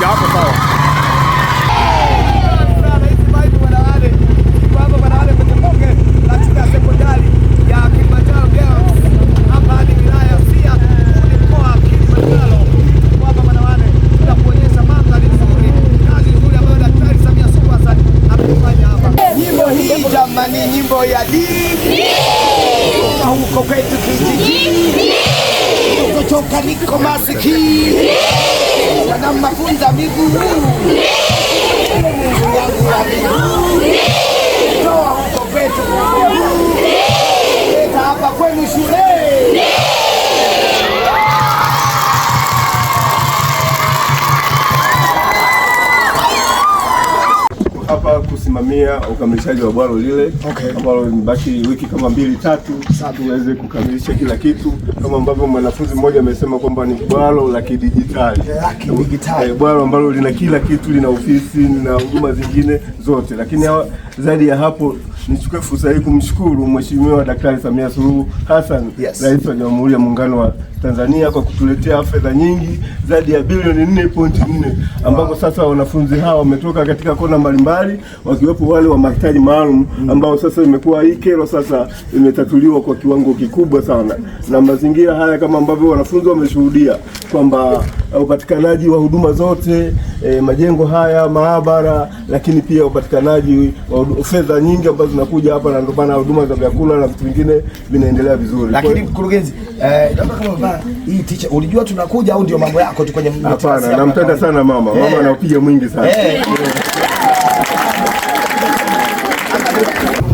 kupiga hapo sawa. Jamani, nyimbo ya dini huko kwetu kijijini, kutoka niko masikini mafunzo miguu kusimamia ukamilishaji wa bwalo lile ambalo okay. Imebaki wiki kama mbili tatu tuweze kukamilisha kila kitu, kama ambavyo mwanafunzi mmoja amesema kwamba ni bwalo la kidijitali yeah, bwalo ambalo lina kila kitu, lina ofisi, lina huduma zingine zote, lakini hawa zaidi ya hapo, nichukue fursa hii kumshukuru Mheshimiwa Daktari Samia Suluhu Hassan, yes, Rais wa Jamhuri ya Muungano wa Tanzania kwa kutuletea fedha nyingi zaidi ya bilioni 4.4 ambapo sasa wanafunzi hawa wametoka katika kona mbalimbali wakiwepo wale wa mahitaji maalum mm. ambao sasa imekuwa hii kero sasa imetatuliwa kwa kiwango kikubwa sana, na mazingira haya kama ambavyo wanafunzi wameshuhudia kwamba Eh, upatikanaji wa huduma zote e, majengo haya maabara, lakini pia upatikanaji wa fedha nyingi ambazo zinakuja hapa, na ndio maana huduma za vyakula na vitu vingine vinaendelea vizuri. Lakini mkurugenzi, eh, hii ticha ulijua tunakuja au ndio mambo yako tu kwenye? Hapana, nampenda sana mama mama, anaupiga mwingi sana